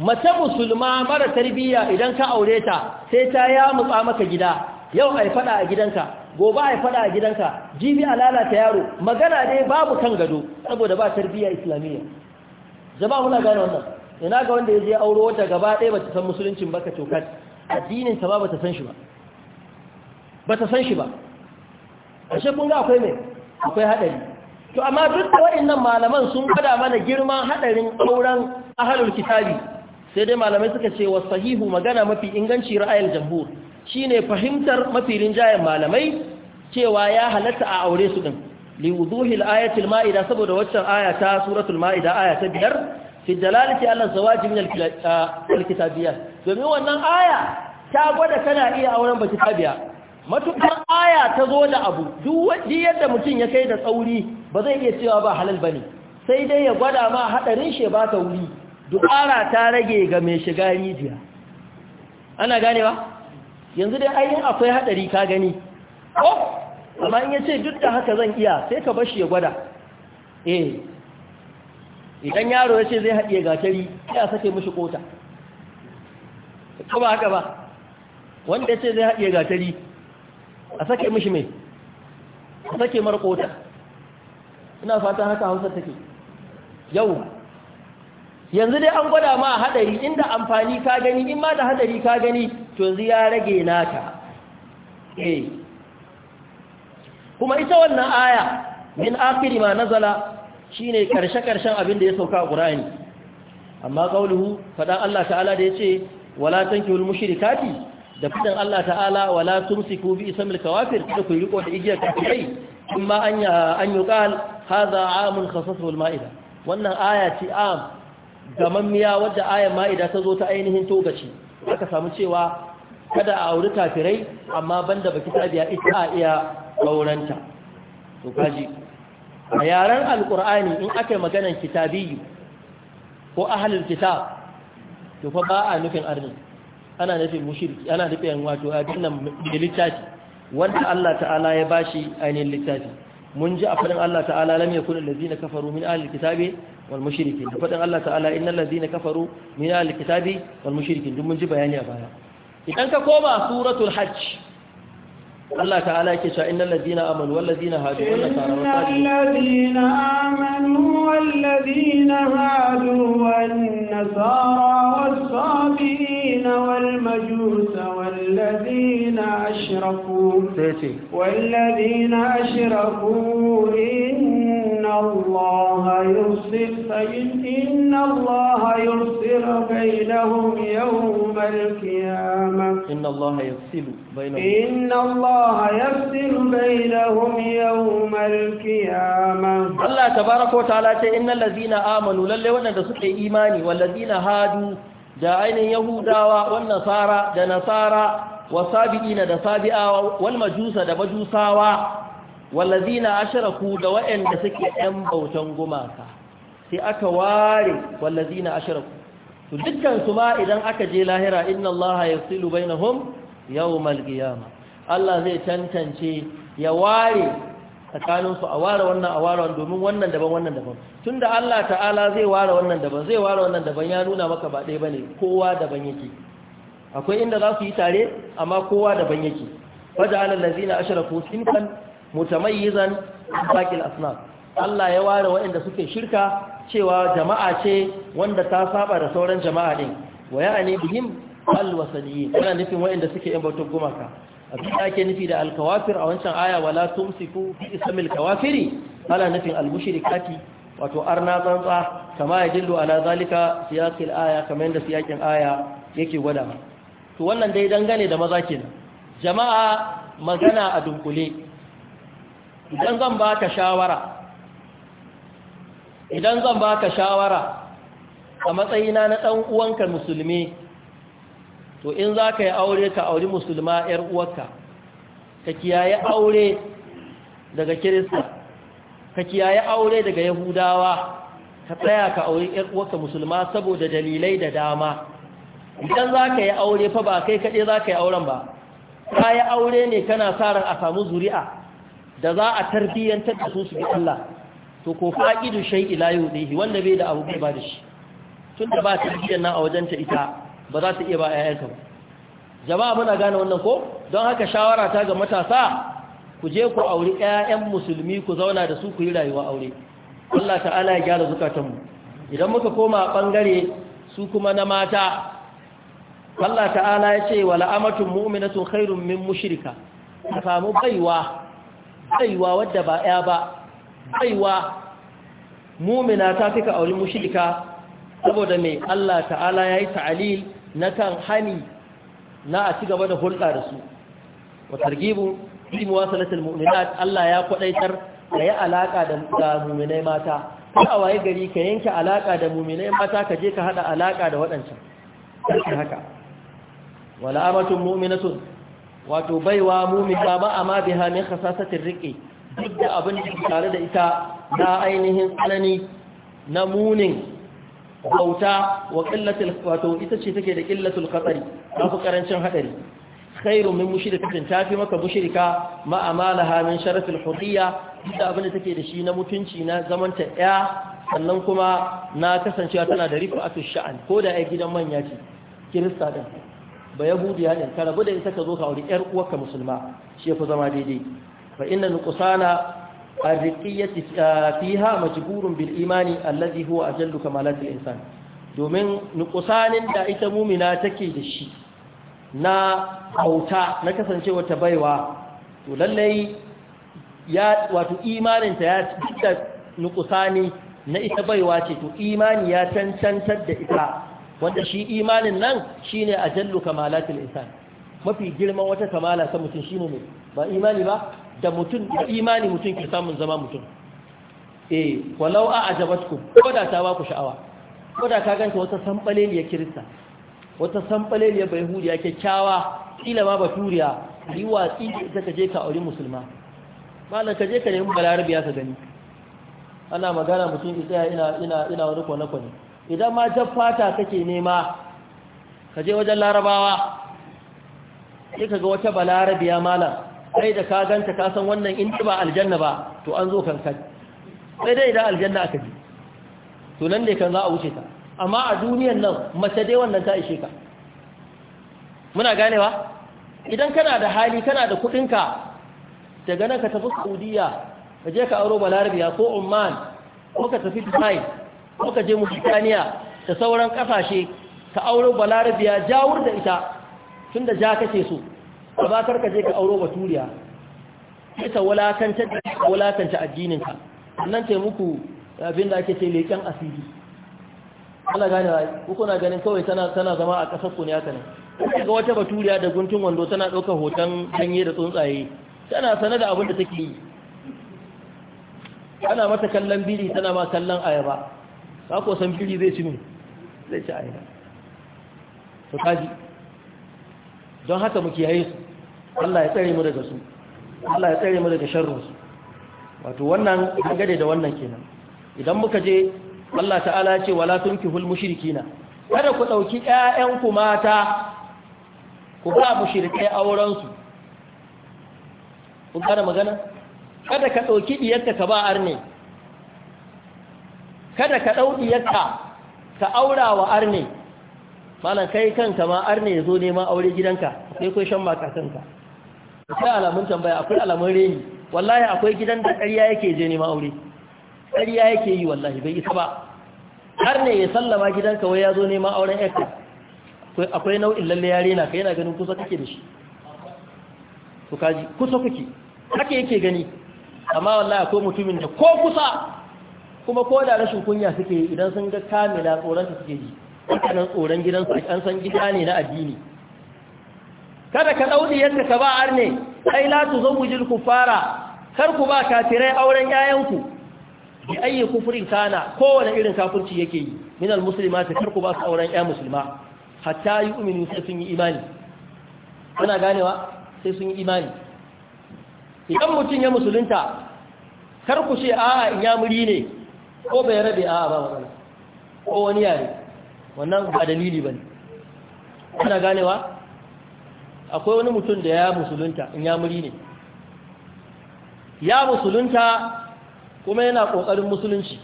mace musulma mara tarbiyya idan ka aure ta sai ta ya mutsa maka gida yau ai fada a gidanka gobe ai fada a gidanka jibi a lalata yaro magana dai babu kan gado saboda ba tarbiyya islamiyya jama'a muna gane wannan ina ga wanda ya je auro wata gaba ɗaya ba ta san musuluncin ka tokat addinin ta ba bata san shi ba ta san shi ba kun ga akwai mai akwai hadari to amma duk da waɗannan malaman sun gada mana girman hadarin auren ahlul kitabi sai dai malamai suka ce wa sahihu magana mafi inganci ra'ayin jamhur shine fahimtar mafi rinjayen malamai cewa ya halatta a aure su ɗin, li wuduhil ayatil ma'ida saboda waccan ayata suratul ma'ida aya ta biyar fi dalalati ala zawaji min alkitabiyya domin wannan aya ta gwada kana iya auren ba tabiya matukan aya ta zo da abu duk wanda yadda mutum ya kai da tsauri ba zai iya cewa ba halal bane sai dai ya gwada ma hadarin shi ba ta wuri du'ara ta rage ga mai shiga rijiya ana ganewa yanzu dai ayin akwai hadari ka gani oh amma in yace duk da haka zan iya sai ka bar shi ya gwada eh idan yaro ya ce zai haɗiye gatari ya a sake mushi kota ko ba haka ba wanda ya ce zai haɗiye gatari a sake mushi mai a sake mara kota ina fatan haka hausa take yau yanzu dai an gwada ma haɗari inda amfani ka gani in ma da haɗari ka gani to yanzu ya rage naka eh. kuma ita wannan aya min akiri ma nazala Shi ne karshe ƙarshen abin da ya sauka a ƙura'ani amma qauluhu faɗan Allah ta'ala da ya ce, wala mushiri kati. da fitan Allah ta'ala wala tun ku bi isamil kawafir da ku riko da igiyar kafirai ma an ƙal ha za a amun khassasu maida wannan aya ce am mammiya wadda ayar ma'ida ta zo ta ainihin togaci aka samu cewa kada a auri kafirai amma banda baki tabiya ita a iya ƙauranta. to a yaren Alƙur'ani in aka yi maganan kitabiyu ko ahalin kitab to fa ba a nufin arni ana nufin mushirki ana nufin wato abin nan da littafi wanda Allah ta'ala ya bashi ainihin littafi mun ji a faɗin Allah ta'ala lam yakun allazina kafaru min ahli kitabi wal mushrikin da faɗin Allah ta'ala innal ladzina kafaru min ahli kitabi wal mushrikin duk mun ji bayani a baya idan ka koma suratul hajj Allah ta'ala yake cewa innal ladina amanu wal ladina hadu wal nasara ladina amanu wal ladina hadu wan nasara was sabiina wal majus wal ladina ashraku sai ce wal ladina ashraku in الله يرسل فإن إن الله يرسل بينهم يوم القيامة إن الله يرسل بينهم إن الله يرسل بينهم يوم القيامة الله تبارك وتعالى إن الذين آمنوا للي ونن سكي إيماني والذين هادوا جاءين يهودا والنصارى wan nasara da والمجوسة دمجوساوا wallazina asharaku da waɗanda suke ɗan bautan gumaka sai aka ware wallazina asharaku to dukkan su ma idan aka je lahira inna allaha yafsilu bainahum yawmal qiyamah Allah zai tantance ya ware tsakanin su a ware wannan a ware wannan domin wannan daban wannan daban tunda Allah ta'ala zai ware wannan daban zai ware wannan daban ya nuna maka ba ɗaya bane kowa daban yake akwai inda za su yi tare amma kowa daban yake faja'alal ladzina asharaku sinfan mutamayyizan baqil asnaf Allah ya ware waɗanda suke shirka cewa jama'a ce wanda ta saba da sauran jama'a din wa ya'ani bihim alwasaniyyin kana nufin waɗanda suke yan bautar gumaka abin da ake nufi da alkawafir a wancan aya wala tumsiku fi ismil kawafiri ana nufin kati wato arna tsantsa kama ya dillu ala zalika siyaqil aya kama yadda siyakin aya yake gwada to wannan dai dangane da maza kenan jama'a magana a dunkule idan zan ka shawara idan zan ka shawara a matsayina na ɗan uwanka musulmi to in za ka yi aure ka auri musulma 'yar uwarka ka kiyaye aure daga kirista ka kiyaye aure daga yahudawa ka tsaya ka auri 'yar uwarka musulma saboda dalilai da dama idan za ka yi aure fa ba kai kaɗai za ka yi auren ba ka yi aure ne kana sa ran a samu zuri'a da za a tarbiyyantar da su su bi Allah to ko fa'idu shay ila yudihi wanda bai da abu bai ba da shi tunda ba tarbiyyar nan a wajen ta ita ba za ta iya ba ƴaƴanka ba jama'a muna gane wannan ko don haka shawara ta ga matasa ku je ku auri ƴaƴan musulmi ku zauna da su ku yi rayuwa aure Allah ta'ala ya gyara mu idan muka koma bangare su kuma na mata Allah ta'ala ya ce wala amatu mu'minatu khairum min mushrika ka samu baiwa baiwa wadda ba ya ba baiwa mumina ta ka auri mushrika saboda mai Allah ta'ala ya yi ta'alil na kan hani na a ci gaba da hulɗa da su wa targibu wasu muwasalatil mu'minat Allah ya kwaɗaitar da ya alaƙa da mu'minai mata ta a waye gari ka yanke alaƙa da mu'minai mata ka je ka haɗa alaƙa da waɗancan haka wala amatun mu'minatun wato baiwa mumika ba a ma biha khasasatin riƙe duk da abin da tare da ita na ainihin tsanani na munin bauta wa ƙillatul wato ita ce take da ƙillatul khatsari ta ƙarancin haɗari khairu min mushrikatin tafi maka mushrika ma amalaha min sharafil hudiyya duk da abin da take da shi na mutunci na zamanta ɗaya sannan kuma na kasancewa tana da rifa a sha'an ko da ai gidan manya ce kirista din ba yahudiya ne ka rabu da ita ka zo ka auri yar uwarka musulma shi fi zama daidai fa inna nuqsana arriqiyati ah, fiha majburun bil imani a huwa ajallu kamalatil insan domin nuqsanin da ita mumina take da shi na hauta na kasancewa ta baiwa to lallai ya wato imaninta ya duk nuqsani na ita baiwa ce to imani ya tantantar da ita wanda shi imanin nan shine ajallu kamalatul insan mafi girman wata kamala ta mutum shine ne ba imani ba da mutum da imani mutum ke samun zama mutum eh walau a ajabatkum da ta ba ku sha'awa da ka ganta wata sanbaleliya kirista wata sanbaleliya bai ya kyakkyawa kila ma baturiya yi watsi da ka je ka aure musulma malam ka je ka nemi balarabiya ka gani ana magana mutum isa ina ina ina wani kwane-kwane idan ma jan fata kake nema ka je wajen larabawa sai ka ga wata balarabiya malam sai da ka ganta ka san wannan in ba aljanna ba to an zo kan kai sai dai idan aljanna aka ji to nan ne kan za a wuce ta amma a duniyan nan mace dai wannan ta ishe ka muna ganewa idan kana da hali kana da kuɗinka daga nan ka tafi saudiya ka je ka aro balarabiya ko umman ko ka tafi dubai muka je Mauritania da sauran kasashe ka auro balarabiya jawur da ita tun da ja kake so ka ba ka je ka auro baturiya ita walakanta walakanta addininka nan ce muku abin da ake ce leken asiri Allah gane wa uku na ganin kawai tana tana zama a kasar ku ta ne ga wata baturiya da guntun wando tana ɗaukar hoton hanye da tsuntsaye tana sanar da abin da take yi ana mata kallon biri tana ma kallon ayaba ba ko san biri zai ci min zai ci aina to kaji don haka muke yayi su Allah ya tsare mu daga su Allah ya tsare mu daga sharru su wato wannan hangare da wannan kenan idan muka je Allah ta'ala ya ce wala tunkihul mushrikina kada ku dauki ƴaƴan ku mata ku ba mushrikai auren su kun gane magana kada ka dauki diyarka ka ba arne kada ka ɗauki yadda ka aura wa arne malam kai kanka ma arne ya zo neman aure gidanka sai kai shan makasanka akwai alamun tambaya akwai alamun reni wallahi akwai gidan da ƙarya yake je neman aure ƙarya yake yi wallahi bai isa ba arne ya sallama gidanka wai ya zo neman auren yarka akwai nau'in lalle ya rena ka yana ganin kusa kake da shi to kaji kusa kake haka yake gani amma wallahi akwai mutumin da ko kusa kuma ko da rashin kunya suke yi idan sun ga kamila tsoron su suke ji wannan tsoron gidansu an san gida ne na addini kada ka daudi yadda ka ba arne ai la ku kufara kar ku ba kafirai auren yayanku bi ayi kufrin kana kowane irin kafirci yake yi min almuslimat kar ku ba su auren ƴa musulma hatta yu'minu sai sun yi imani kana ganewa sai sun yi imani idan mutum ya musulunta kar ku ce a'a in ya muri ne ko bai rabe a ba magana ko wani yare wannan ba dalili ba ne ganewa akwai wani mutum da ya musulunta in ya muri ne ya musulunta kuma yana ƙoƙarin musulunci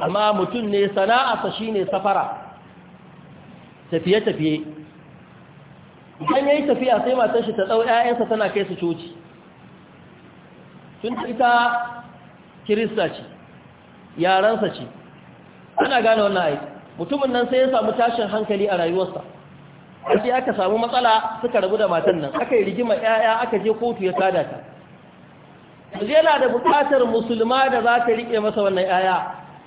amma mutum ne sana'arsa shi ne safara tafiye-tafiye idan yayi tafiya sai matar shi ta dau ‘ya'yansa tana kai su coci tun ita kirista ce yaransa ce ana gane wannan aiki mutumin nan sai ya samu tashin hankali a rayuwarsa sai aka samu matsala suka rabu da matan nan aka yi rigima yaya aka je kotu ya sada ta yanzu yana da bukatar musulma da za ta riƙe masa wannan ƴaƴa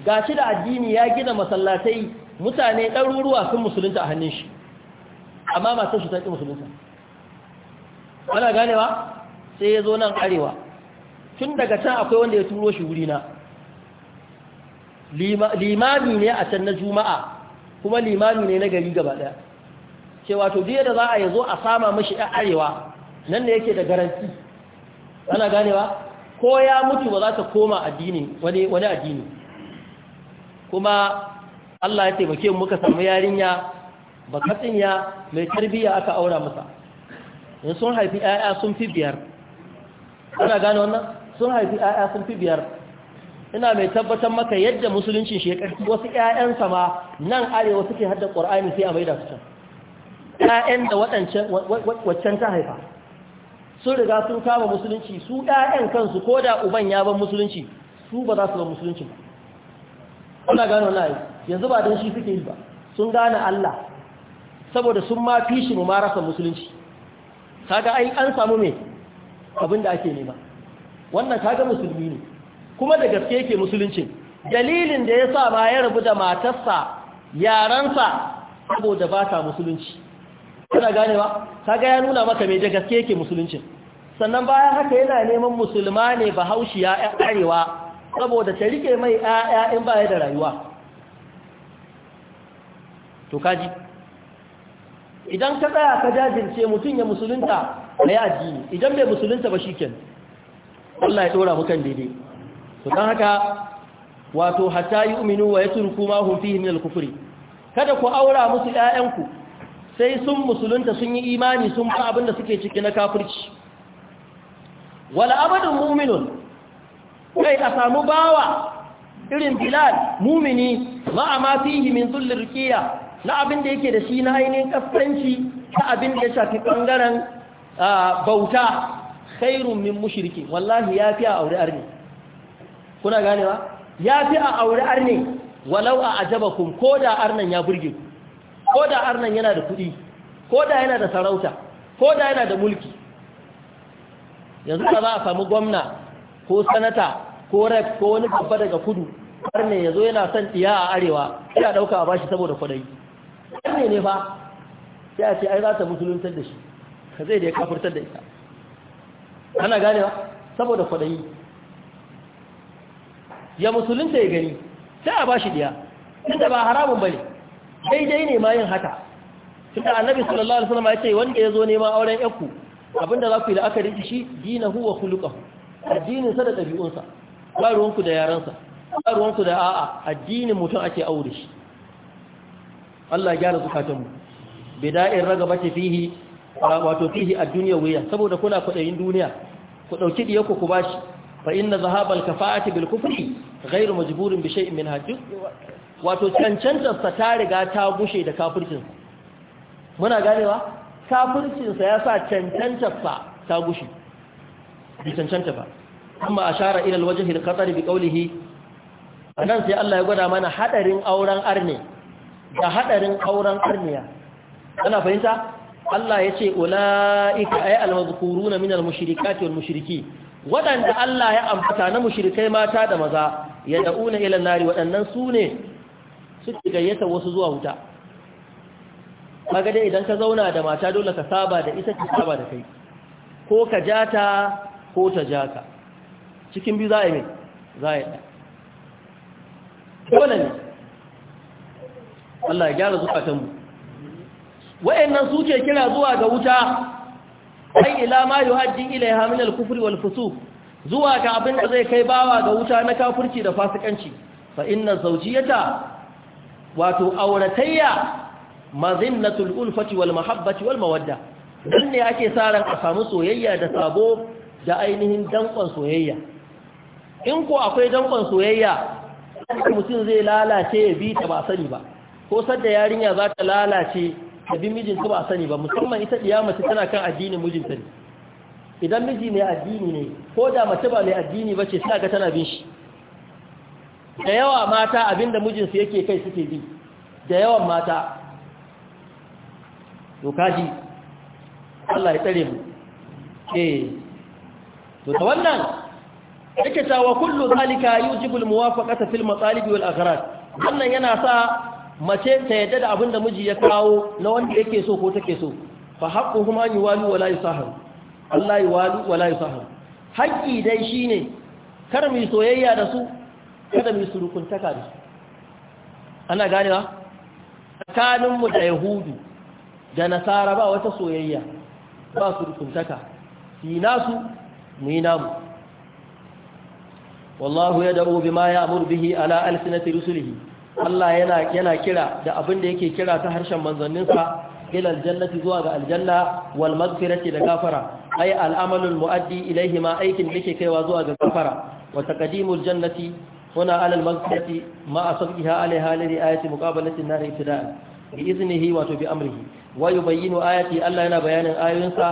gashi da addini ya gina masallatai mutane ɗaruruwa sun musulunta a hannun shi amma matan shi ta ƙi musulunta ana ganewa sai ya zo nan arewa tun daga can akwai wanda ya turo shi wurina limami ne a can na juma'a kuma limami ne na gari gaba daya cewa to biye da za a yazo a sama mashi ɗan arewa nan ne yake da garanti ana ganewa ko ya mutu ba za ta koma addini wani addini kuma Allah ya taimake mu muka samu yarinya Katsinya mai tarbiyya aka aura masa sun haifi 'ya'ya sun fi biyar ana gane wannan sun haifi 'ya'ya sun fi biyar ina mai tabbatar maka yadda musuluncin shekar wasu ƙya'yansa ma nan arewa suke hadda ƙwar'ani sai a maida su can ƙya'yan da waccan ta haifa sun riga sun kama musulunci su ƙya'yan kansu ko da uban ya ban musulunci su ba za su ban musulunci ba kuna gano na yi yanzu ba don shi suke yi ba sun gane Allah saboda sun ma fi shi mu marasa musulunci kaga ai an samu mai abin da ake nema wannan kaga musulmi ne kuma da gaske yake musulunci dalilin da ya sa ba ya rabu da matarsa yaransa saboda ba ta musulunci kuna gane ba kaga ya nuna maka mai da gaske yake musulunci sannan bayan haka yana neman musulma ne bahaushiya ya arewa saboda ta rike mai ƴaƴa in ba ya da rayuwa to kaji idan ka tsaya ka jajirce mutum ya musulunta ya addini idan bai musulunta ba shi shikenan Allah ya tsora hukan daidai to don haka wato hatta yi wa ya turku ma hun fihi kufuri kada ku aura musu ‘ya'yanku sai sun musulunta sun yi imani sun ba abin da suke ciki na kafirci wala abadin muminun kai a samu bawa irin bilal mumini ma'a ma fihi min zullin na abin da yake da shi na ainihin kaskanci ta abin da ya shafi ɓangaren ah, bauta khairun min mushirki, wallahi ya fi a aure arni kuna ganewa ya fi a aure arne walau a ajabakum ko da arnan ya burge ku ko da arnan yana da kuɗi ko da yana da sarauta ko da yana da mulki yanzu ka za a samu gwamna ko sanata ko rep ko wani babba daga kudu arne ya zo yana son ɗiya a arewa ya ɗauka a bashi saboda kwadayi arne ne fa sai a ce ai za ta musuluntar da shi ka zai da ya kafurtar da ita ana ganewa saboda kwadayi ya musulunta ya gani sai a bashi diya tunda ba haramun bane daidai ne ma yin haka tunda annabi sallallahu alaihi wasallam ya ce wanda ya zo neman auren yakku abinda za ku yi la'akari da shi dinahu wa khuluquhu addinin sa da dabi'unsa ba ruwanku da yaransa ba ruwanku da a'a addinin mutum ake aure shi Allah gyara raga bida'in ragabati fihi wato fihi ad-dunya wiya saboda kuna kudayin duniya ku ɗauki diyanku ku bashi fa inna zahabal kafa'ati bil kufri ghairu majburin bi shay'in min hajj wato cancantar sa ta riga ta gushe da kafircin muna ganewa kafircin sa yasa cancantar sa ta gushe bi cancanta ba amma ashara ila al wajhi al qatar bi qawlihi anan sai Allah ya gwada mana hadarin auren arne da hadarin auren arniya Kana fahimta Allah ya ce ula'ika ay al-mazkuruna min al-mushrikati wal-mushriki waɗanda Allah ya amfata na mushrikai mata da maza ya da'una ila nari waɗannan su ne suke gayyata wasu zuwa wuta magadai dai idan ka zauna da mata dole ka saba da isa ka saba da kai ko ka ja ta ko ta ja ka cikin biyu za a yi za a yi dole ne Allah ya gyara zukatanmu nan suke kira zuwa ga wuta ai ila ma yuhajji ilaiha min al-kufri wal fusuq zuwa ga abin da zai kai bawa ga wuta na kafirci da fasikanci fa inna zawjiyata wato auratayya mazinnatul ulfati wal mahabbati wal mawadda dan ne ake sa ran a samu soyayya da sabo da ainihin dankon soyayya in ko akwai dankon soyayya mutum zai lalace ya bi ta ba sani ba ko sadda yarinya za ta lalace abin mijinta ba a sani ba musamman ita ɗiya mace tana kan addinin mijinta ne idan miji mai addini ne ko da mace ba mai addini ba ce sai ga tana bin shi da yawa mata abinda mijinsu yake kai suke bi da yawan mata to kaji Allah ya tsare mu eh to ta wannan yake cewa kullu zalika yujibu al-muwafaqata fil matalib wal aghrad wannan yana sa mace ta yadda da abin da miji ya kawo na wanda yake so ko take so fa haqqu huma yuwalu wala yusahar Allah yuwalu wala yusahar haƙƙi dai shine kar mu soyayya da su kada mu surukuntaka da su ana ganewa tsakanin mu da yahudu da nasara ba wata soyayya ba surukuntaka fi nasu mu yi namu wallahu yad'u bima ya'muru bihi ala alsinati rusulihi Allah yana kira da abin da yake kira ta harshen manzanninsa ila aljannati zuwa ga aljanna wal maghfirati da gafara ay al amalul muaddi ilayhi ma aikin dake kaiwa zuwa ga gafara wa taqdimul jannati huna ala al maghfirati ma asbiha alaiha li ayati muqabalati an-nar ibtida'an bi iznihi wa bi amrihi wa yubayyinu ayati Allah yana bayanin ayoyinsa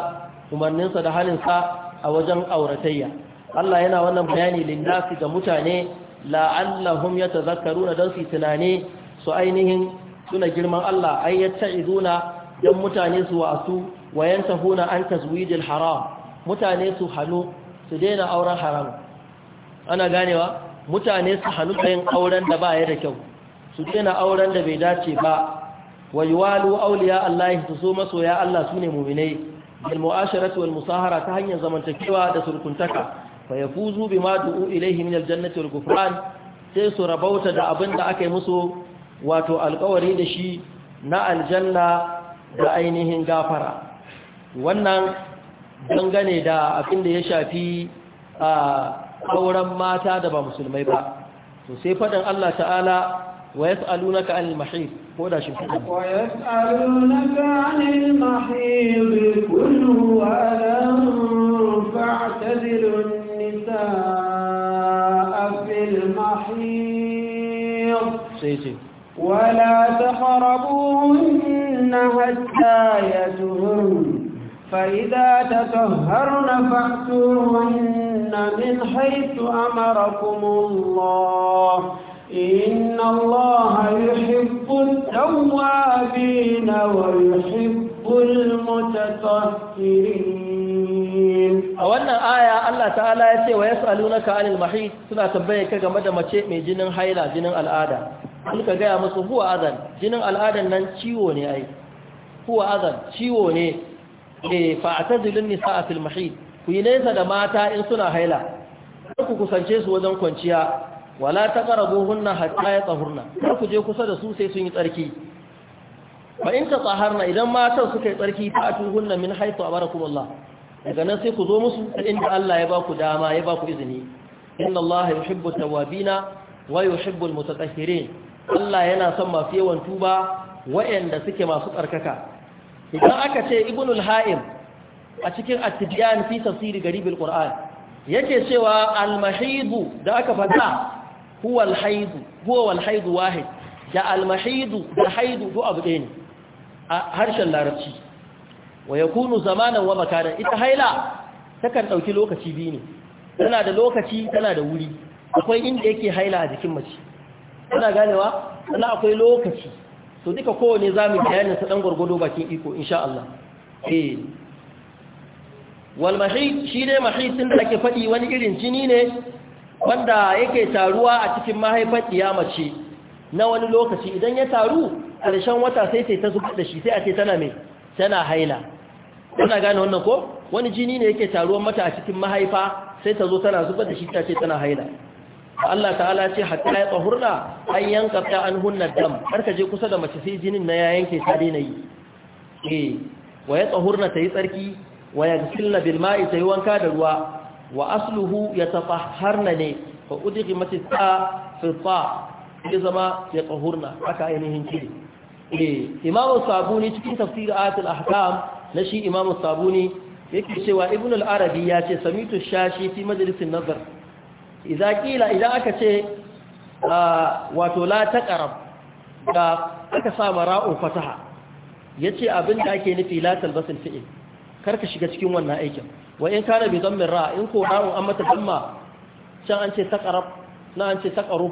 umarninsa da halinsa a wajen auratayya Allah yana wannan bayani linnasi ga mutane la'allahum yatazakkaruna dan su tunane su ainihin suna girman Allah ay yatta'izuna dan mutane su wasu wa yantahuna an tazwijil haram mutane su hannu su daina auren haram ana ganewa mutane su hanu tsayin auren da ba ya da kyau su daina auren da bai dace ba wa walu. Auliya Allah su so masoya Allah sune mu'minai bil mu'asharati wal musahara ta hanyar zamantakewa da surkuntaka Fayafu, zubi bima du'u ilayhi min aljannati sai su rabauta da abinda aka yi musu wato alƙawari da shi na aljanna da ainihin gafara wannan dangane da abin da ya shafi a auren mata da ba musulmai ba to sai faɗin Allah ta'ala wa yas'alunaka 'anil mahid ko da shi faɗin wa yas'alunaka 'anil mahid kullu wa lam fa'tazilun النساء في المحيض ولا تخربوهن حتى يتهرن فإذا تتهرن فأتوهن من حيث أمركم الله إن الله يحب التوابين ويحب المتطهرين Allah ta'ala ya ce wa ya ka 'anil mahid suna tambaye ka game da mace mai jinin haila jinin al'ada ka gaya musu huwa azan jinin al'adan nan ciwo ne ai huwa azan ciwo ne eh fa'tazilun nisa a mahid ku yi nesa da mata in suna haila ku kusance su wajen kwanciya wala ta taqrabuhunna hatta tsahurna kar ku je kusa da su sai sun yi tsarki fa in tsaharna idan matan suka yi tsarki fa hunna min a barakun Allah daga nan sai ku zo musu inda Allah ya ba ku dama ya ba ku izini inna Allah yuhibbu tawabina wa yuhibbu almutatahhirin Allah yana son masu yawan tuba waɗanda suke masu tsarkaka idan aka ce ibnul ha'im a cikin at-tibyan fi tafsir garib al-qur'an yake cewa al-mahidu da aka fada huwa al-haidu huwa haidu wahid da al-mahidu da haidu duk abu ɗaya ne a harshen larabci wa yakunu zamanan wa makanan ita haila takan dauki lokaci biyu ne tana da lokaci tana da wuri akwai inda yake haila a jikin mace tana ganewa sannan akwai lokaci so duka kowane zamu bayanin sa dan gurgudo bakin iko insha Allah eh wal mahid shi ne mahidin da ake fadi wani irin jini ne wanda yake taruwa a cikin mahaifar mace na wani lokaci idan ya taru karshen wata sai ta zubar da shi sai a ce tana mai tana haila kuna gane wannan ko wani jini ne yake taruwan mata a cikin mahaifa sai ta zo tana zubar da shi ta ce tana haila Allah ta'ala ce hatta ya tsahurna an yanka ta an hunna dam ka je kusa da mace sai jinin na ya yanke ta daina yi eh wa ya tsahurna ta yi tsarki wa ya gasilna bil ma'i ta yi wanka da ruwa wa asluhu ya tafaharna ne fa udghi ta fi ta ya zama ya tsahurna aka ainihin kiri Eh, imamu sabuni cikin tafsirin ayatul ahkam na shi imamu sabuni yake cewa ibn al-arabi ya ce samitu shashi fi majalisin nazar idza kila idan aka ce ah, wato la taqrab da aka sa mara'u fataha yace abinda ake nufi la talbasul fi'il karka shiga cikin wannan aikin wa in kana bi dhammin ra in ko ra'u an mata dhamma can an ce taqrab na an ce taqarub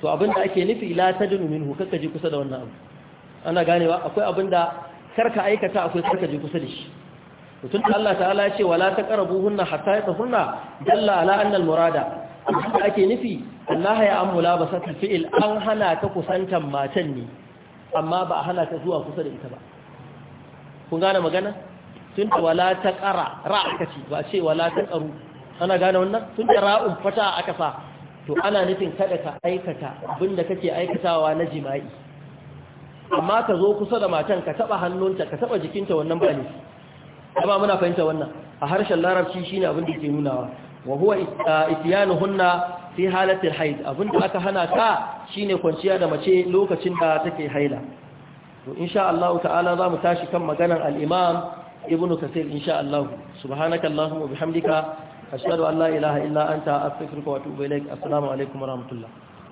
to abinda ake nufi la tadunu minhu kaka ji kusa da wannan abu ana ganewa akwai abin da karka aikata akwai karka je kusa da shi mutum da Allah ta'ala ya ce wala taqrabu hunna hatta yatahunna dalla ala anna al-murada da ake nufi Allah ya amula ba sa fi'il an hana ta kusantan matan ne amma ba a hana ta zuwa kusa da ita ba kun gane magana tun da wala taqra ra aka ce ba ce wala taqru ana gane wannan tun da ra'un fata aka sa to ana nufin kada ka aikata abinda kake aikatawa na jima'i amma ka zo kusa da matan ka taba hannunta ka taba jikinta wannan ba ne amma muna fahimta wannan a harshen larabci shine abin da ke nunawa wa huwa ityanuhunna fi halatil haid abin da aka hana ka shine kwanciya da mace lokacin da take haila to insha Allah ta'ala zamu tashi kan maganar al-Imam Ibn Kathir insha Allah subhanaka Allahumma bihamdika ashhadu an la ilaha illa anta astaghfiruka wa atubu ilaik assalamu alaikum wa rahmatullah